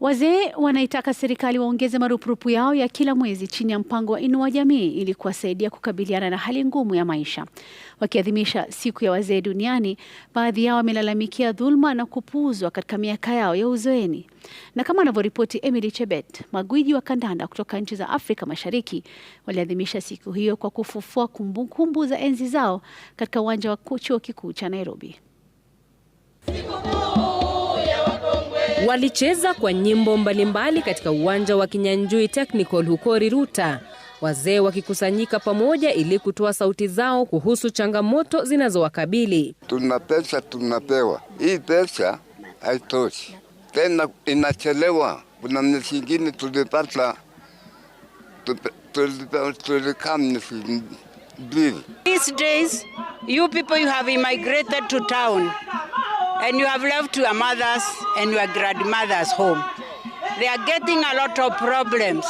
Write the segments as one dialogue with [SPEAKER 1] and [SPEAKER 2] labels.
[SPEAKER 1] Wazee wanaitaka serikali waongeze marupurupu yao ya kila mwezi chini ya mpango wa Inua Jamii ili kuwasaidia kukabiliana na hali ngumu ya maisha. Wakiadhimisha siku ya wazee duniani, baadhi yao wamelalamikia dhuluma na kupuuzwa katika miaka yao ya uzeeni. Na kama anavyoripoti Emily Chebet, magwiji wa kandanda kutoka nchi za Afrika Mashariki waliadhimisha siku hiyo kwa kufufua kumbukumbu kumbu za enzi zao katika uwanja wa chuo kikuu cha Nairobi. Walicheza kwa nyimbo mbalimbali katika uwanja wa Kinyanjui Technical huko Riruta, wazee wakikusanyika pamoja ili kutoa sauti zao kuhusu changamoto zinazowakabili.
[SPEAKER 2] Tuna pesa tunapewa, hii pesa haitoshi tena, inachelewa. Kuna miezi ingine tulipata tulikaa miezi mbili.
[SPEAKER 3] These days you people you have immigrated to town and you have left your mothers and your grandmothers home. They are getting a lot of problems.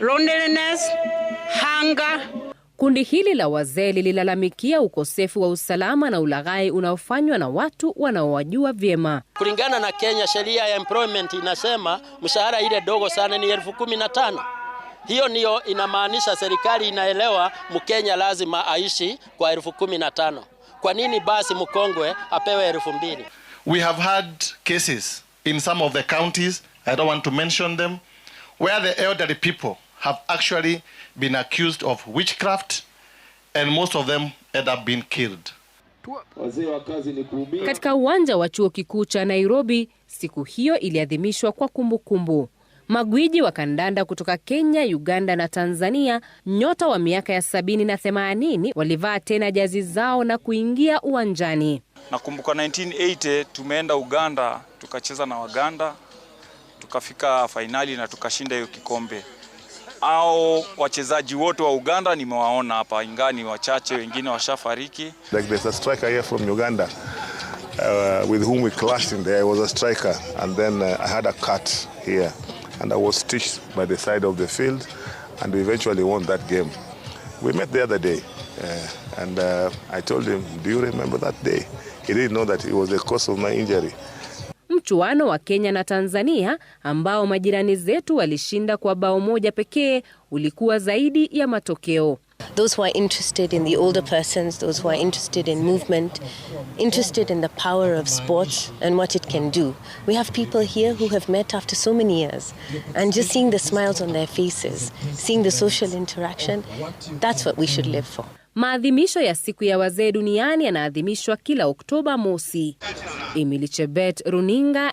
[SPEAKER 3] Loneliness, hunger.
[SPEAKER 1] Kundi hili la wazee lililalamikia ukosefu wa usalama na ulaghai unaofanywa na watu wanaowajua vyema.
[SPEAKER 4] Kulingana na Kenya, sheria ya employment inasema mshahara ile dogo sana ni elfu kumi na tano. Hiyo niyo inamaanisha serikali inaelewa Mkenya lazima aishi kwa elfu kumi na tano. Kwa nini basi mkongwe apewe elfu mbili?
[SPEAKER 5] We have had cases in some of the counties, I don't want to mention them, where the elderly people have actually been accused of witchcraft and most of them end up being killed.
[SPEAKER 1] Katika uwanja wa chuo kikuu cha Nairobi, siku hiyo iliadhimishwa kwa kumbukumbu kumbu. Magwiji wa kandanda kutoka Kenya, Uganda na Tanzania, nyota wa miaka ya sabini na themanini walivaa tena jazi zao na kuingia uwanjani.
[SPEAKER 6] Nakumbuka 1980 tumeenda Uganda tukacheza na Waganda tukafika fainali na tukashinda hiyo kikombe. Au wachezaji wote wa Uganda nimewaona hapa, ingawa ni wachache, wengine washafariki.
[SPEAKER 7] Like there's a striker here from Uganda uh, with whom we clashed in there. I was a striker and then uh, I had a cut here and I was stitched by the side of the field and we eventually won that game. We met the other day uh, and uh, I told him, do you remember that day? He didn't know that it was the cause of my injury.
[SPEAKER 1] Mchuano wa Kenya na Tanzania ambao majirani zetu walishinda kwa bao moja pekee ulikuwa zaidi ya matokeo.
[SPEAKER 8] Those who are interested in the older persons, those who are interested in movement, interested in the power of sports and what it can do. We have people here who have met after so many years, and just seeing the smiles on their faces, seeing the social interaction, that's what we should live for.
[SPEAKER 1] Maadhimisho ya siku ya wazee duniani yanaadhimishwa kila Oktoba mosi. Emily Chebet, Runinga